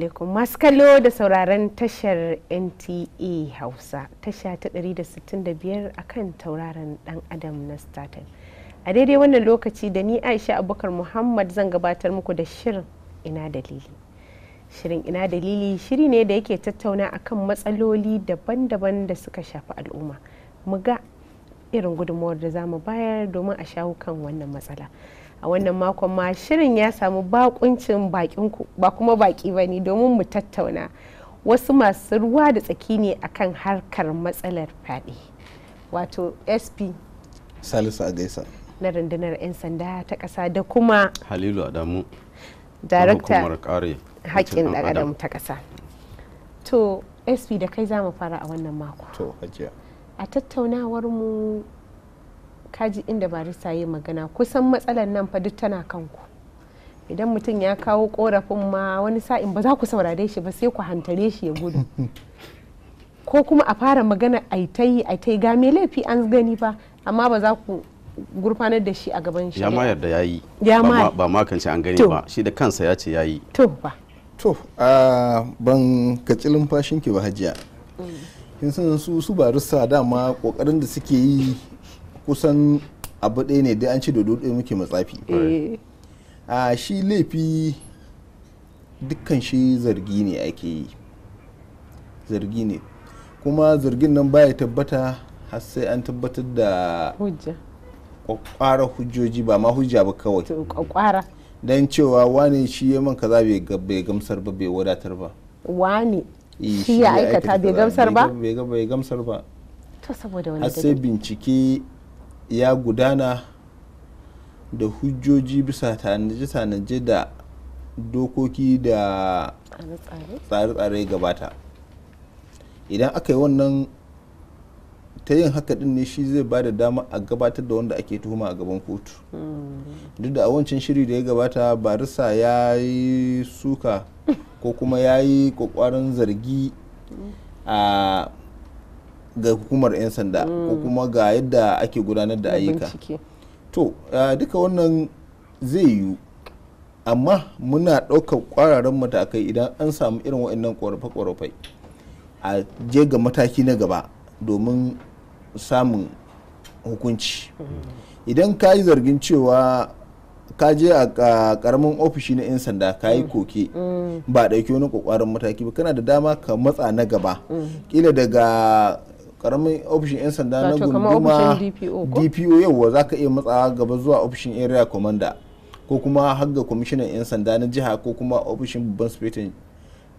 alaikum masu kallo da sauraron tashar NTA e Hausa tasha ta 165 kan tauraron dan adam na Startup. A daidai wannan lokaci da ni Aisha Abubakar Muhammad zan gabatar muku da shirin ina dalili. Shirin ina dalili shiri ne da yake tattauna akan matsaloli daban-daban da suka shafi al'umma. muga irin gudunmawar da za mu bayar domin a shawo kan wannan matsala. a wannan makon ma shirin ya samu bakuncin bakinku ba kuma baki ba ne domin mu tattauna wasu masu ruwa da tsaki ne akan harkar matsalar fyaɗe wato sp salisu a gaisa na rundunar 'yan sanda ta ƙasa da kuma halilu adamu darakta haƙƙin da adam ta ƙasa to sp da kai za mu fara a wannan mako to a tattaunawar mu kaji inda barista yi magana kusan matsalar nan fa duk tana kanku idan mutum ya kawo korafin ma wani sa'in ba za ku saurare shi ba sai ku hantare shi ya gudu ko kuma a fara magana ta yi ga me laifi an gani ba amma ba za ku gurfanar da shi a gaban shi ya ma yarda ya yi ba ma kan an gani ba shi da kansa ya ce yi to ba to ban kacilin fashin ki ba hajiya mm. kin san su su barista dama kokarin da suke yi kusan abu ɗaya ne dai an ce dodo ɗaya muke matsafi eh. a ah, shi laifi dukkan shi zargi ne ake yi zargi ne kuma zargin nan baya tabbata har sai an tabbatar da kwakwara hujjoji ba ma hujja ba kawai don cewa wane shi ya man kaza bai gamsar ba bai wadatar ba wani eh, shi ya aikata bai gamsar ba bai gamsar ba to saboda wani sai bincike ya gudana da hujjoji bisa tanaje-tanaje da dokoki da tsare-tsare gabata idan aka yi wannan ta yin haka din ne shi zai ba da dama a gabatar da wanda ake tuhuma a gaban kotu hmm. duk da a wancan shiri da ya gabata barisa ya yi suka ko kuma ya yi kokwarin zargi a ga hukumar 'yan sanda ko hmm. kuma ga yadda ake gudanar da ayyuka to duka wannan zai yiwu amma muna ɗaukar ƙwararren matakai idan an samu irin waɗannan ƙorafe ƙorafai a je ga mataki na gaba domin samun hukunci hmm. idan ka yi zargin cewa ka je a karamin ofishi na 'yan sanda ka yi hmm. koke ba ɗauki wani ƙwaƙwaran mataki ba kana da dama ka matsa na gaba kila daga karamin ofishin 'yan sanda na gunduma dpo yauwa za ka iya matsawa gaba zuwa ofishin area commander ko kuma har ga kwamishinan 'yan sanda na jiha ko kuma ofishin babban sufetin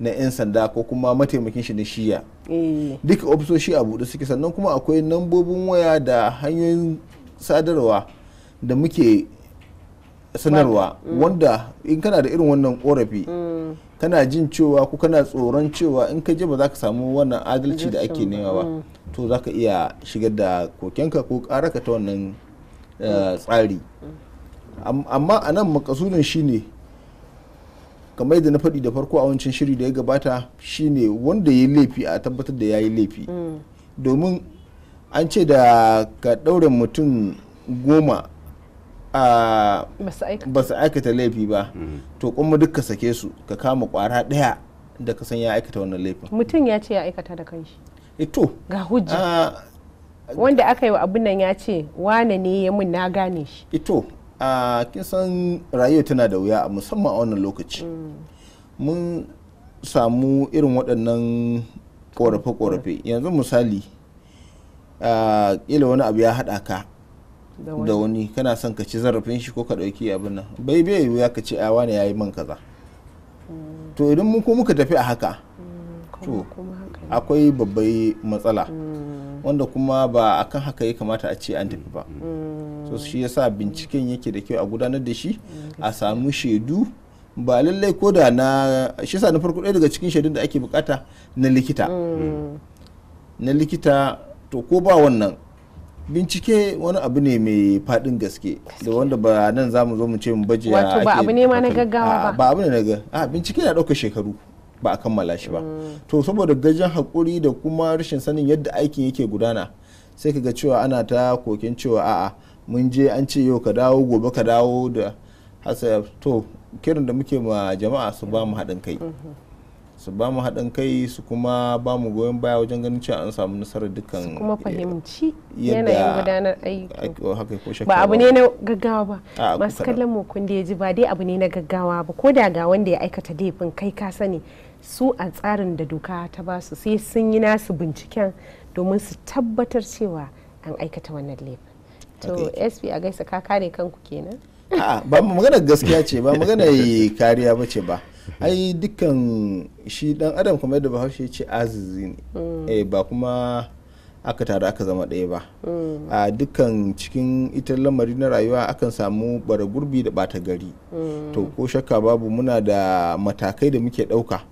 na 'yan sanda ko kuma mataimakin shi na shiya eh. duka ofisoshi a buɗe suke sannan kuma akwai nambobin waya da hanyoyin sadarwa da muke sanarwa mm. wanda in kana da irin wannan korafi mm. kana jin cewa ko kana tsoron cewa in ka je ba za ka samu wannan adalci da ake nema ba mm. to za ka iya shigar da kokenka ko karaka ta wannan eh, tsari amma a nan makasudin ne kamar yadda na faɗi da farko a wancan shiri da ya gabata shi ne wanda ya laifi a tabbatar da ya yi laifi mm. domin an ce da ka ɗaure mutum goma ba su aikata laifi ba mm. to kuma duk sake su ka kama kwara daya da ka san ya aikata wannan laifin mutum ya ce ya aikata da kanshi Ito. Eh ga hujja wanda aka yi wa abin nan ya ce wane ne ya mun na gane shi ito eh a kin san rayuwa tana da wuya musamman a wannan lokaci mm. mun samu irin waɗannan korafe-korafe yanzu misali ƙila wani abu ya haɗa ka da wani kana son ka ci zarafin shi ko ka ɗauki abin nan bai bai yiwuwa ka ce awa ne ya yi man kaza mm. to idan mun ko muka tafi a haka mm, to akwai babbai matsala mm. wanda kuma ba akan haka ya kamata a ce an tafi ba so shi yasa binciken yake da kyau a gudanar da shi a samu shaidu ba lallai ko da na shi sa na farko ɗaya daga cikin shaidun da ake bukata na likita na likita to ko ba wannan bincike wani abu ne mai fadin gaske da wanda ba nan za mu zo mu ce mu baje ake ba abu ne ma na gaggawa ba ba abu ne na ga a bincike na dauka shekaru ba a kammala shi ba mm. to saboda gajen hakuri da kuma rashin sanin yadda aikin yake gudana sai kaga cewa ana ta kokin cewa a'a mun je an ce yau ka dawo gobe ka dawo da hasa to kirin da muke ma jama'a su ba mu haɗin kai mm-hmm. su ba mu haɗin kai su kuma ba mu goyon baya wajen ganin cewa an samu nasarar dukkan su kuma fahimci yanayin gudanar aiki ba abu ne na gaggawa ba masu kallon mu kun da ji ba dai abu ne na gaggawa ba ko da ga wanda ya aikata laifin kai ka sani su a tsarin da doka ta ba su sai sun yi nasu binciken domin su tabbatar cewa an aikata wannan laifin to sp a gaisa ka kare kanku kenan ba magana gaskiya ce ba magana kariya ba ce ba ai dukkan shi dan adam kamar yadda bahaushe ce azizi ne mm. eh, ba kuma aka taru aka zama ɗaya ba mm. a dukkan cikin ita lamari na rayuwa akan samu bara gurbi da bata gari mm. to ko shakka babu muna da matakai da muke ɗauka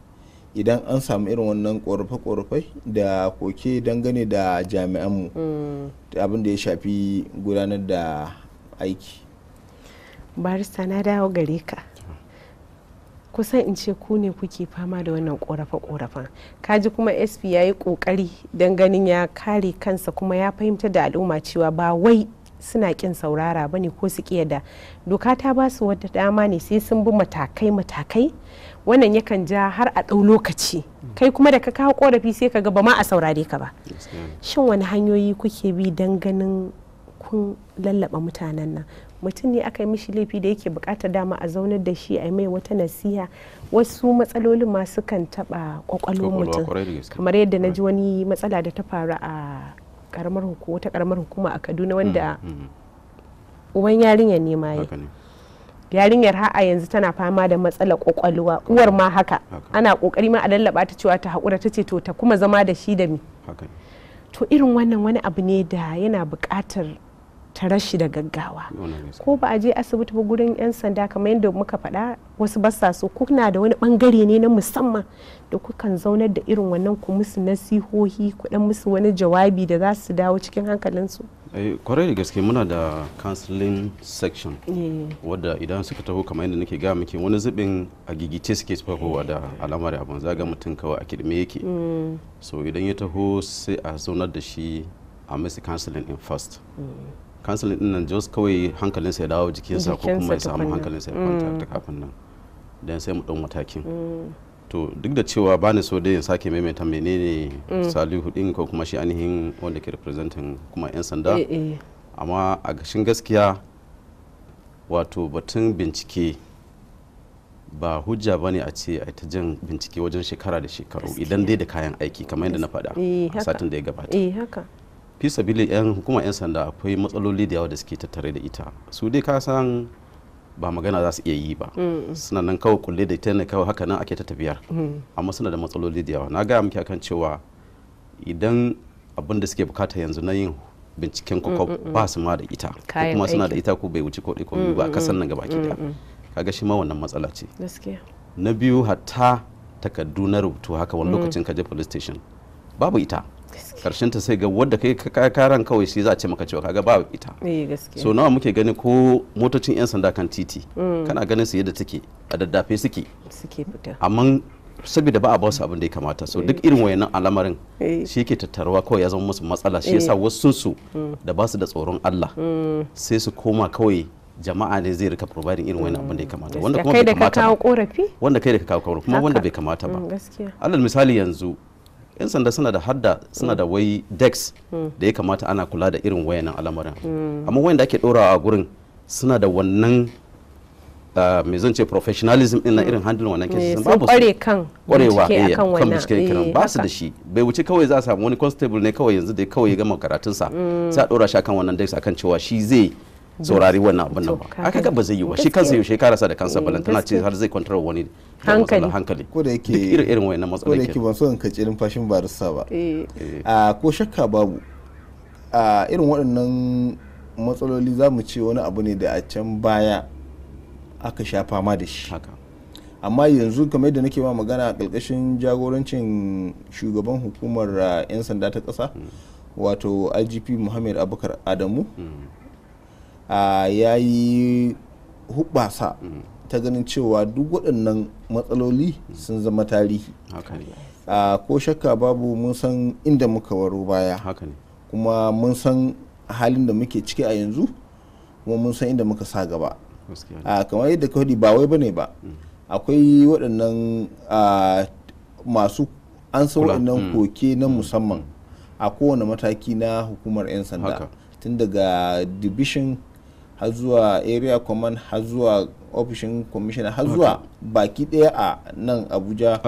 idan an samu irin wannan korafe-korafai da koke dangane da jami'anmu abin da ya shafi gudanar da aiki barista na dawo gare ka kusan in ce ku ne kuke fama da wannan korafe Ka ji kuma sp ya yi kokari don ganin ya kare kansa kuma ya fahimtar da al'umma cewa ba wai suna kin saurara ba ne ko su da doka ta ba su wata dama ne sai sun bi matakai-matakai wannan yakan ja har a ɗau lokaci mm. kai kuma da ka kawo korafi sai ka ga ba ma a saurare ka ba shin wani hanyoyi kuke bi don ganin kun lallaba mutanen nan mutum ne aka yi mishi laifi da yake bukatar dama a zaunar da shi a mai wata nasiha wasu matsalolin masu kan taɓa kwakwalwar mutum kamar yadda na ji wani matsala da ta faru a karamar hukuma wata ƙaramar hukuma a kaduna wanda mm, mm, mm. uban yarinyar ne ma yarinyar har a yanzu tana fama da matsalar kwakwalwa uwar ma haka ana kokari ma a lallaba ta cewa ta haƙura ta ce to ta kuma zama da shi da mi to irin wannan wani abu ne da yana buƙatar ta rashi da gaggawa ko ba a je asibiti ba gurin 'yan sanda kamar yadda muka faɗa wasu basa so kuna da wani bangare ne na musamman da kukan zaunar da irin wannan ku musu nasihohi ku dan musu wani jawabi da za su dawo cikin hankalinsu eh, kwarai da gaske muna da counseling section eh. wadda idan suka taho kamar yadda nake ga muke wani zubin a gigice suke tafowa da alamar abin zaga mutum kawai a kidme yake mm. so idan ya taho sai a zaunar da shi a masa counseling in first mm. kansulin din nan jos kawai hankalinsa ya dawo jikinsa ko kuma ya samu hankalinsa ya kwanta da mm. kafin nan dan sai mu ɗau matakin mm. to duk da cewa ba ni so dai in sake maimaita menene mm. salihu din ko kuma shi ainihin wanda ke representing kuma 'yan sanda eh, eh. amma a gashin gaskiya wato batun bincike ba hujja ba ne a ce a ta jan bincike wajen shekara da shekaru idan dai da kayan aiki kamar yadda na faɗa eh, a satin da ya gabata fisa bilin yan hukumar yan sanda akwai matsaloli da yawa da suke tattare da ita su dai ka san ba magana za su iya yi ba mm. suna nan kawai kulle da ita ne kawai haka nan ake ta tafiyar mm. amma suna da matsaloli da yawa na gaya miki akan cewa idan abin da suke bukata yanzu na yin binciken kwakwa mm, ba su ma da ita ko kuma suna da ita ko bai wuce ko ko ba a kasan nan gaba da ka kaga shi ma wannan matsala ce na biyu hatta takardu na rubutu haka wani lokacin ka je police station babu ita karshen ta sai ga wadda kai ka karan kawai shi za a ce maka cewa kaga ba ita eh, so nawa muke gani ko motocin yan sanda kan titi mm. kana ganin su yadda take a daddafe suke amma saboda ba a ba su abin da ya kamata so duk eh. irin wayannan al'amarin eh. shi ke tattaruwa kawai ya zama musu matsala shi yasa wasu su mm. da ba su da tsoron Allah mm. sai su koma kawai jama'a ne zai rika providing irin wayannan abin da ya kamata wanda kuma bai kamata ba wanda kai da ka kawo korafi wanda kai da ka kawo korafi kuma wanda bai kamata ba alal misali yanzu yan sanda suna da hadda suna da mm. wai dex mm. da ya kamata ana kula da irin nan al'amarin mm. amma wayanda ake dorawa a gurin suna da wannan ah, me zan ce professionalism ina na irin handling wannan eh, sun babu kware kan kwarewa eh, kan bincike eh, kiran ba su da shi bai wuce kawai za a samu wani constable ne kawai yanzu da kawai ya gama karatunsa sai a dora shi akan wannan dex akan cewa shi zai saurari wannan abin nan ba a kaga ba zai yi ba shi kansa yaushe karasa da kansa eh, balan tana ce har zai kwantar wani hankali hankali ko da yake duk irin irin wayannan matsalolin ko da yake ba so in kace numfashin barista ba eh. a ah, ko shakka babu a ah, irin waɗannan matsaloli za mu ce wani abu ne da a can baya aka sha fama da shi amma yanzu kamar yadda nake ma magana a ƙarƙashin jagorancin shugaban hukumar ah, 'yan sanda ta ƙasa hmm. wato igp muhammad abubakar adamu hmm. ya yi hubasa ta ganin cewa duk waɗannan matsaloli sun zama tarihi ko shakka babu mun san inda muka waro baya kuma mun san halin da muke ciki a yanzu kuma mun san inda muka sa gaba kamar yadda ka ba wai ne ba mm. akwai waɗannan masu an sa waɗannan mm. koke na mm. musamman a kowane mataki na hukumar 'yan sanda tun daga division har zuwa area command har zuwa ofishin commissioner har zuwa baki daya a nan abuja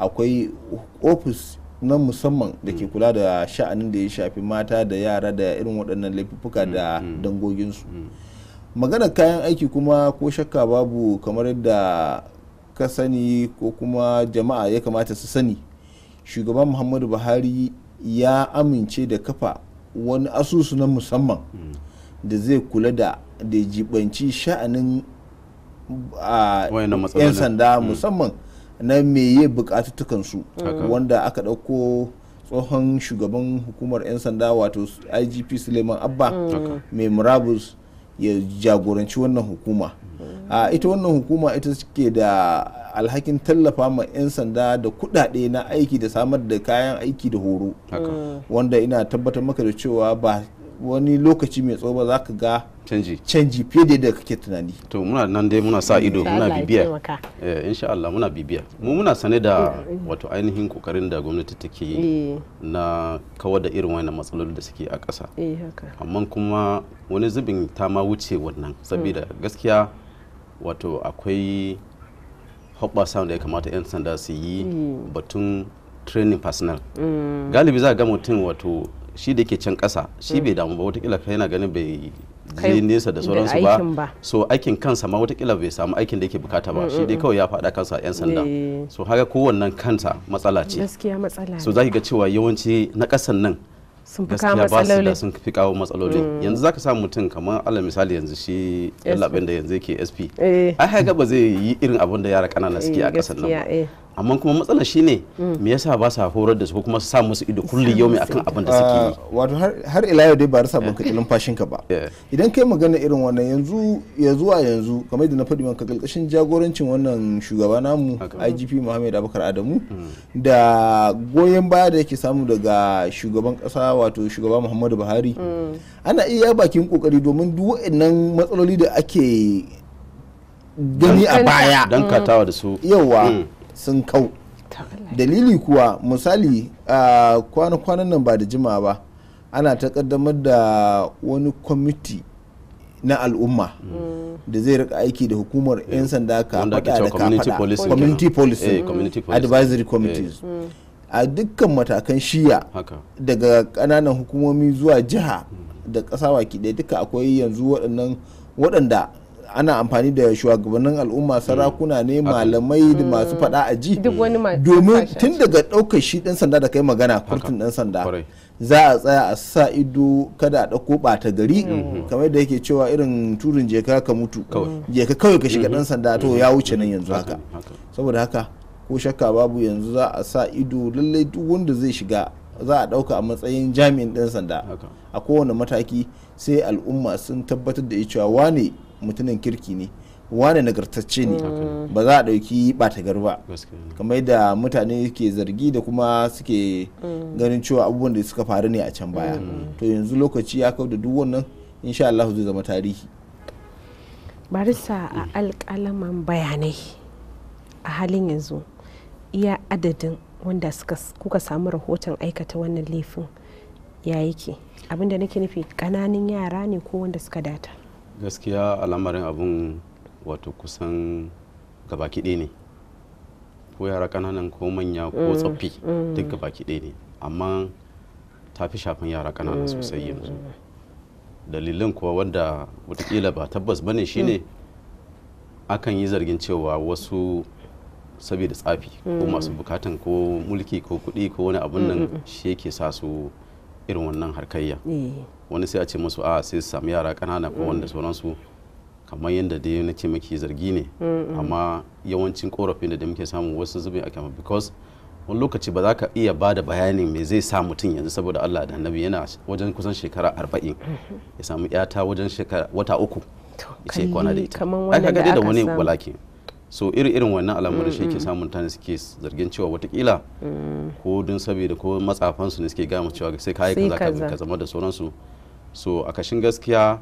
akwai ofis na musamman da ke mm. kula da sha'anin da ya shafi mata da yara da irin waɗannan laifuka mm, da mm. dangoginsu magana kayan aiki kuma ko shakka babu kamar yadda ka sani ko kuma jama'a ya kamata su sani shugaban muhammadu buhari ya amince da kafa wani asusu na musamman da zai kula da da jibanci sha'anin yan sanda mm. musamman na meye su wanda aka dauko tsohon shugaban hukumar 'yan sanda wato igp suleiman abba mm. mai murabus ya jagoranci wannan hukuma mm. ita wannan hukuma ita suke da alhakin tallafa ma 'yan sanda da kudade na aiki da samar da kayan aiki da horo wanda ina tabbatar maka da cewa ba wani lokaci mai tsoba ba za ka ga canji canji fiye da yadda kake tunani to muna nan dai muna sa ido muna bibiya eh, insha Allah muna bibiya mu muna sane da wato ainihin kokarin da gwamnati take yi eh. na kawar da irin wannan matsalolin da suke a ƙasa eh, amma kuma wani zubin ta ma wuce wannan saboda mm. gaskiya wato akwai hoɓɓasa da ya kamata 'yan sanda su yi mm. batun training personnel mm. galibi za ga mutum wato shi da ke can kasa shi mm. bai damu ba watakila kai yana ganin bai je nesa da sauransu ba so aikin kansa ma watakila bai samu aikin da yake bukata ba shi dai kawai ya faɗa kansa 'yan sanda eh. so haka kowannan kanta matsala ce so za ki ga cewa yawanci na ƙasan nan sun fi kawo matsaloli sun fi kawo matsaloli mm. yanzu zaka samu mutum kamar alal misali yanzu shi labin da yanzu yake sp eh. ai haka ba zai yi irin abin da yara kanana suke a eh, ƙasar nan ba amma kuma matsalar shi ne mm. me yasa ba sa horar da su kuma sa musu ido kullum yau akan abin da suke ah, yi wato har ila yau dai ba rasa eh. ban ilin numfashin ka ba idan kai magana irin wannan yanzu ya zuwa yanzu kamar yadda na faɗi maka kalkashin jagorancin wannan shugaba namu IGP Muhammad Abubakar Adamu mm. da goyon baya da yake samu daga shugaban ƙasa wato shugaba Muhammadu Buhari mm. ana iya bakin kokari domin duk waɗannan matsaloli da ake gani a baya don katawa da su yawa sun kau dalili kuwa misali a kwanan nan ba da jima ba ana ta kaddamar da wani kwamiti na al'umma da zai rika aiki da hukumar 'yan eh, sanda ka fada da ka fada eh, community policy advisory eh. committees hmm. a dukkan matakan shiya daga kananan hukumomi zuwa jiha hmm. da ƙasa waki ɗaya duka akwai yanzu waɗanda ana amfani da shugabannin al'umma sarakuna ne mm. malamai da mm. masu fada a ji domin tun daga ɗaukar shi ɗan sanda da kai magana kurtin ɗan sanda za a tsaya a sa ido kada a ɗauko ɓata gari mm. mm-hmm. kamar da yake cewa irin turin jeka ka mutu jeka kawai ka shiga mm-hmm. ɗan sanda to ya wuce nan yanzu haka saboda haka ko shakka babu yanzu za a sa ido lallai duk wanda zai shiga za a ɗauka a matsayin jami'in ɗan sanda a kowane mataki sai al'umma sun tabbatar da cewa wane mutumin kirki ne wane nagartacce ne ba za a ɗauki ɓata garba ba kamar yadda mutane ke zargi da kuma suke mm. ganin cewa abubuwan da suka faru ne a can baya mm. to yanzu lokaci ya kau da duk wannan insha Allah zai zama tarihi barisa a alƙalaman bayanai a halin yanzu iya adadin wanda kuka samu rahoton aikata wannan laifin ya yake abinda nake nufi ƙananan yara ne ko wanda suka data gaskiya al'amarin abun wato kusan gaba kiɗe ne ko yara kananan ko manya ko mm, tsoffi mm. duk gaba kiɗe ne amma ta fi shafin yara kanana mm, sosai yanzu dalilin kuwa wanda watakila ba tabbas bane shine akan yi zargin cewa wasu saboda tsafi ko masu bukatan ko mulki ko kuɗi ko wani abun nan shi yake sa su irin wannan harkayya eh. wani sai a ce musu a ah, sai su samu yara kanana ko wanda mm. sauransu kamar yadda dai na ce maki zargi ne amma yawancin korafin da muke samu wasu zubin a kama because wani lokaci ba za ka iya ba da bayanin me zai sa mutum yanzu saboda Allah da annabi yana wajen kusan shekara arba'in mm-hmm. ya samu yata wajen shekara wata uku ya ce kwana da ita da wani walaki so iri irin wannan al'amuran shi ke samun mutane suke zargin cewa watakila mm. ko don saboda ko matsafansu ne suke gama cewa sai kayi kaza ka zama da sauransu so a kashin gaskiya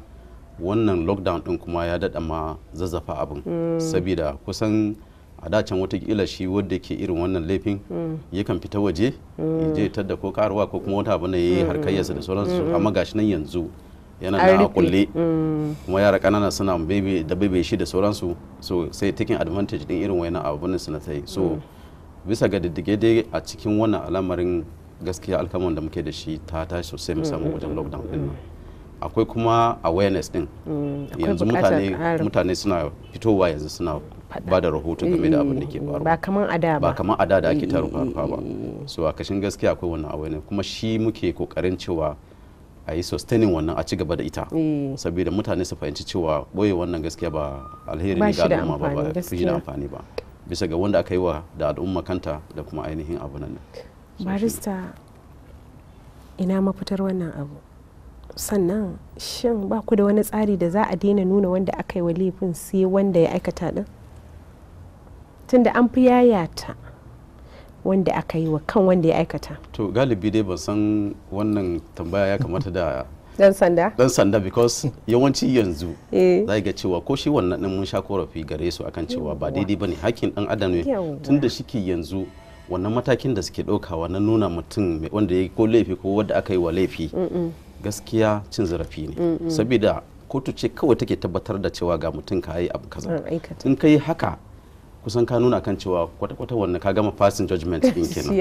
wannan lockdown din kuma ya daɗa ma zazzafa abin mm. saboda kusan a dacen watakila shi wadda ke irin wannan laifin mm. yakan fita waje ya je tadda ko karuwa ko kuma wata abu ne ya yi harkayyarsa da sauransu amma gashi nan yanzu yana na kulle mm. kuma yara kanana suna da bebe shi da sauransu so sai taken advantage din irin wayannan abun suna ta yi. so mm. bisa ga diddige dai a cikin wannan al'amarin gaskiya alkaman da muke da shi ta tashi sosai musamman mm, wajen lockdown din nan akwai kuma awareness din yanzu mutane mutane suna fitowa yanzu suna ba da rahoto game da abin da ke faru ba kamar ada ba kamar ada da ake tarin ba so a kashin gaskiya akwai wannan awareness kuma shi muke kokarin cewa a yi sustaining wannan a ci gaba da ita eh. saboda mutane su fahimci cewa boye wannan gaskiya ba alheri ne ga al'umma ba ba shi da amfani ba bisa ga wanda aka yi wa da al'umma kanta da kuma ainihin abu nan barista ina mafitar wannan abu sannan shin ba ku da wani tsari da za a daina nuna wanda aka yi wa laifin sai wanda ya aikata din tunda an fi yayata wanda aka yi wa kan wanda ya aikata to galibi dai ba san wannan tambaya ya kamata da dan sanda dan sanda because yawanci yanzu eh. za ga cewa ko shi wannan din mun sha korafi gare su akan cewa ba daidai bane hakkin dan adam ne tunda shike yanzu wannan matakin da suke ɗaukawa na nuna mutum wanda ya yi ko laifi ko wanda aka yi wa laifi gaskiya cin zarafi ne saboda kotu ce kawai take tabbatar da cewa ga mutum ka yi abu kaza in ka haka kusan ka nuna kan cewa kwata-kwata wannan ka gama passing judgment din kenan shi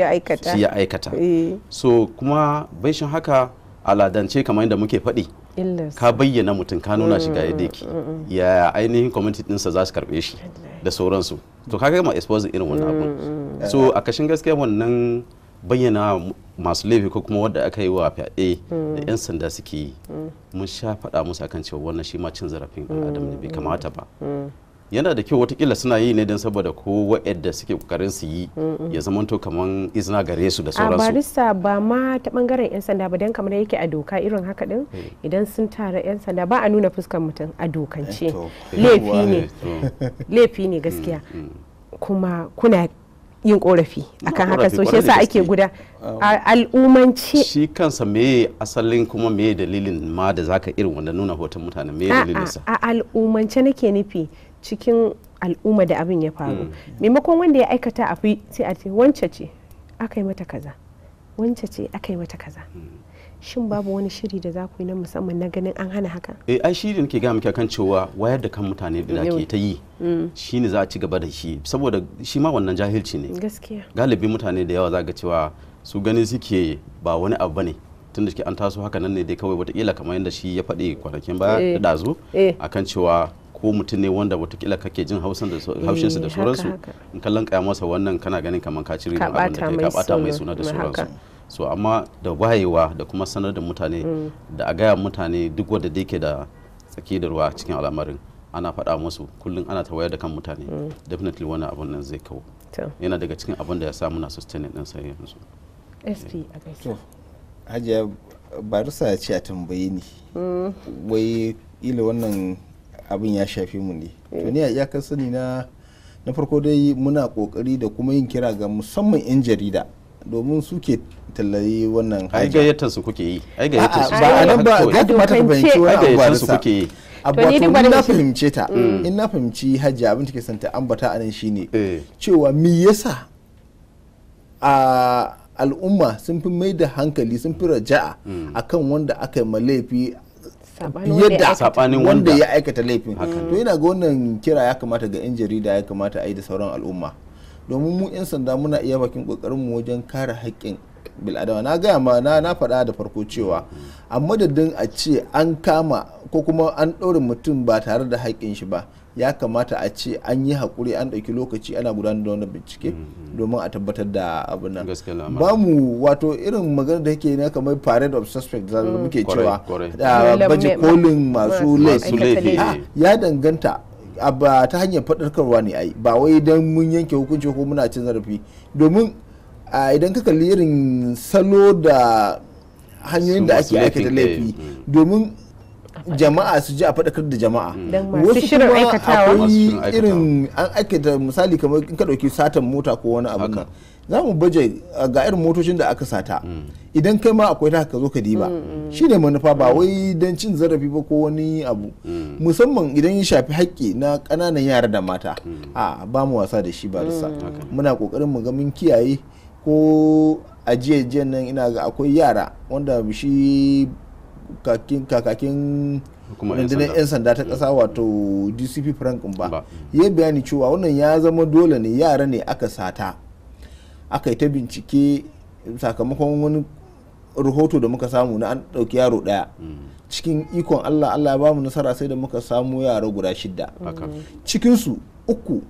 ya aikata eh. so kuma baishin haka aladance kamar yadda muke faɗi ka bayyana mutum ka nuna shi ga yadda yake mm, mm, mm, ya ainihin community dinsa za su karɓe shi da sauransu to ka gama exposing irin wannan abun so a kashin gaskiya wannan bayyana masu laifi ko kuma wanda aka yi wa fyaɗe da 'yan sanda suke yi mun sha faɗa musu akan cewa wannan shi ma cin zarafin adam ne bai kamata ba yana da kyau watakila suna yi ne don saboda ko wa'yadda suke kokarin su yi ya to kamar izina gare su da sauransu a barista ba ma ta bangaren yan sanda ba don kamar yake a doka irin haka din mm. idan sun tara yan sanda ba a nuna fuskar mutum a dokance eh, eh, laifi ne laifi ne gaskiya mm, mm. kuma kuna yin korafi akan haka so shi yasa ake guda um, al'umanci shi kansa me asalin kuma me dalilin ma da zaka irin wanda nuna hoton mutane me dalilin sa a al'umance nake nufi cikin al'umma da abin ya faru mm. maimakon wanda ya aikata a fi sai a ce wance ce aka yi mata kaza wance ce aka yi mata kaza mm. shin babu wani shiri da za ku yi na musamman na ganin an hana haka eh ai shiri nake ga miki kan cewa wayar da kan mutane da ke ta yi mm. shine za a ci gaba da shi saboda shi ma wannan jahilci ne gaskiya galibi mutane da yawa za ga cewa su ganin suke ba wani abu bane tun da an taso haka nan ne dai kawai wataƙila kamar yadda shi ya faɗi kwanakin baya eh. da dazu eh. akan cewa ko mutum ne wanda watakila kake jin hausan da eh, da sauransu in kallon kaya masa wannan kana ganin kamar ka cire abin da kai ka bata mai suna da sauransu so amma da wayewa da kuma sanar da mutane mm. da a gaya mutane duk wanda da yake da tsaki da ruwa cikin al'amarin ana faɗa musu kullum ana ta wayar da kan mutane mm. definitely wani abun nan zai kawo yana daga cikin abun da ya sa muna sustaining din sai yanzu sp a gaisa hajiya barisa ce a tambaye ni mm. wai ila wannan abin ya shafi mu ne mm. to ni a iyakar sani na na farko dai muna kokari da kuma yin kira ga musamman 'yan jarida domin suke tallayi wannan ai gayyatar su kuke yi ai gayyatar su ba nan ba ga kamata ta fahimci wani abu ba su kuke yi abu ni na fahimce ta mm. in na fahimci hajji abin take san ta ambata anan shine eh. cewa me yasa a al'umma sun fi mai da hankali sun fi raja'a mm. akan wanda aka yi laifi sabanin wanda ya aikata laifin to yana ga wannan kira ya kamata ga 'yan jarida ya kamata a da sauran al'umma domin mu 'yan sanda muna iya bakin kokarin mu wajen kare haƙƙin bil'adama na gaya ma na faɗa da farko cewa a madadin a ce an kama ko kuma an ɗaure mutum ba tare da haƙƙin shi ba ya kamata a ce an yi hakuri an ɗauki lokaci ana gudanar da wannan bincike mm-hmm. domin a tabbatar da abin nan ba mu wato irin magana da yake na kamar parade of suspect da mm. muke cewa baje kolin masu laifi eh. ya danganta ba ta hanyar faɗarkarwa ne ai ba wai idan mun yanke hukunci ko muna cin zarafi domin idan ka kalli irin salo da hanyoyin da ake aikata laifi eh. mm. domin jama'a su ji a faɗakar da jama'a mm. wasu kuma akwai irin an aikata misali kamar in ka ɗauki satan mota ko wani abu nan za mu baje ga irin motocin da aka sata mm. idan kai ma akwai ta ka zo ka diba mm, shi ne manufa ba wai don cin zarafi ba ko wani abu musamman idan ya shafi haƙƙi na ƙananan yara da mata a ba mu wasa da shi ba da muna ƙoƙarin mu ga mun kiyaye ko ajiyajiyan jiyan nan ina ga akwai yara wanda shi kakakin rundunar 'yan sanda ta kasa wato dcp frank ba ya bayani cewa wannan ya zama dole ne yara ne aka sata aka yi ta bincike sakamakon wani rahoto da muka samu na an ɗauki yaro ɗaya mm. cikin ikon allah allah ya bamu nasara sai da muka samu yara guda shidda mm. cikinsu uku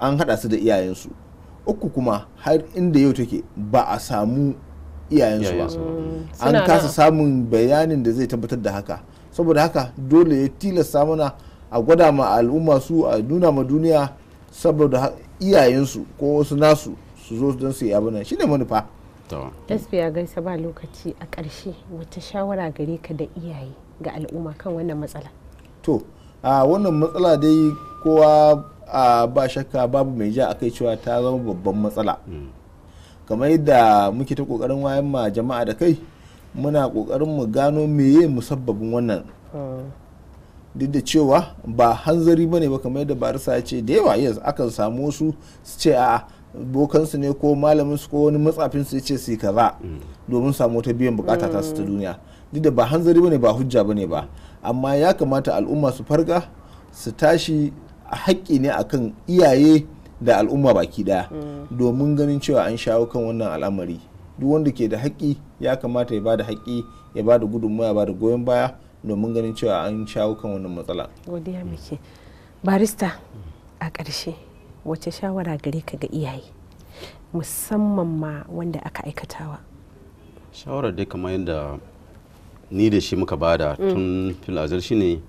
an haɗa su da iyayensu uku kuma har inda yau take ba a samu iyayensu ba mm. an kasa samun bayanin da zai tabbatar da haka saboda haka dole ya tilasta mana a gwada ma al'umma su a nuna ma duniya saboda iyayensu ko wasu nasu su zo don su yi shi ne manufa gaskiya gaisa ba lokaci a ƙarshe wata shawara gare ka da iyaye ga al'umma kan wannan matsala to a wannan matsala dai kowa ba shakka babu mai ja akai cewa ta zama babban matsala mm. kamar yadda muke ta kokarin wayan ma jama'a da kai muna kokarin mu gano meye musabbabin wannan duk da cewa ba hanzari ba ne ba kamar yadda barisa ya ce da yawa yes akan samu wasu su ce a bokansu ne ko malamin su ko wani matsafin su ya ce su yi kaza domin samu ta biyan bukata ta su ta duniya duk da ba hanzari ba ne ba hujja ba ne ba amma ya kamata al'umma su farga su tashi haƙƙi ne akan iyaye da al'umma baki daya mm. domin ganin cewa an shawo kan wannan al'amari duk wanda ke da haƙƙi ya kamata ya bada haƙƙi ya bada gudunmawa ya bada goyon baya domin ganin cewa an shawo kan wannan matsala godiya muke barista a ƙarshe wace shawara gare ka ga iyaye musamman ma wanda aka aikatawa shawara dai kamar yadda ni da shi muka bada mm. tun filazar shi ne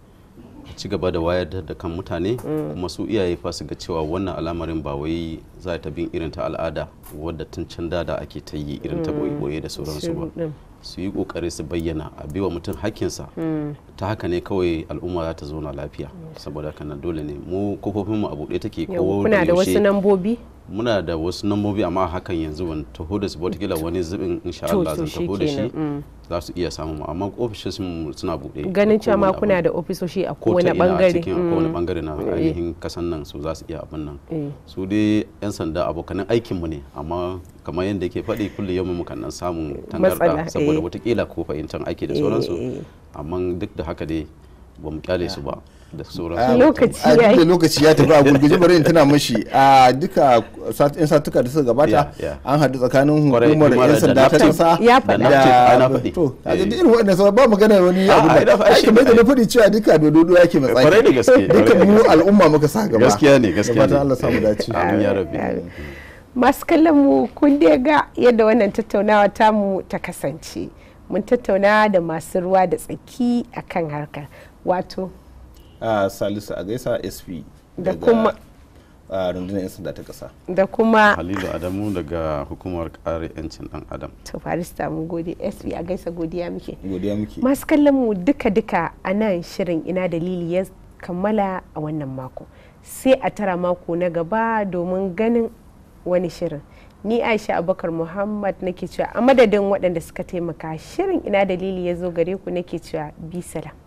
ci gaba da wayar da kan mutane mm. kuma su iyaye fa su ga cewa wannan al'amarin ba wai za ta bin irin ta al'ada wadda tun can da ake ta yi irin ta boye mm. da sauransu ba su yi kokari su bayyana a biwa mutum hakkinsa mm. ta haka ne kawai al'umma za ta zauna lafiya saboda haka dole ne mu kofofin mu a buɗe take kowa da yaushe da wasu nambobi muna da wasu nambobi amma hakan yanzu ban taho da su watakila wani zubin insha Allah zan taho da shi mm. za su iya samu amma ofisoshi suna bude. ganin cewa ma kuna da ofisoshi a kowane bangare cikin a kowane bangare mm. na eh. ainihin kasan nan su za su iya abin nan eh. su dai yan sanda abokanin aikin mu ne amma kamar yadda yake faɗi kullum yau mu kan samun. tangarɗa eh. saboda watakila ko fahimtar aiki da sauransu amma duk da haka dai ba mu kyale su ba da lokaci ya tafi a gurguje bari tana mashi a duka yan satuka da suka gabata an haɗu tsakanin hukumar yan sanda ta kasa ya faɗi to a ga eh. irin waɗannan sauran ba magana wani ah, abu da aiki mai da na faɗi cewa duka dododo yake matsayi kwarai duka biyu al'umma muka sa gaba gaskiya ne gaskiya ne Allah samu dace amin ya rabbi masu kallon mu kun da ga yadda wannan tattaunawa tamu ta kasance mun tattauna da masu ruwa da tsaki akan harkar wato salisu a gaisa sp da kuma a rundunar 'yan sanda ta kasa da kuma halilu adamu daga hukumar kare yancin dan adam to farista mun gode sb a gaisa godiya muke godiya muke masu kallon mu duka duka a nan shirin ina dalili ya kammala a wannan mako sai a tara mako na gaba domin ganin wani shirin ni aisha abubakar muhammad nake cewa a madadin waɗanda suka taimaka shirin ina dalili ya zo gare ku nake cewa bisala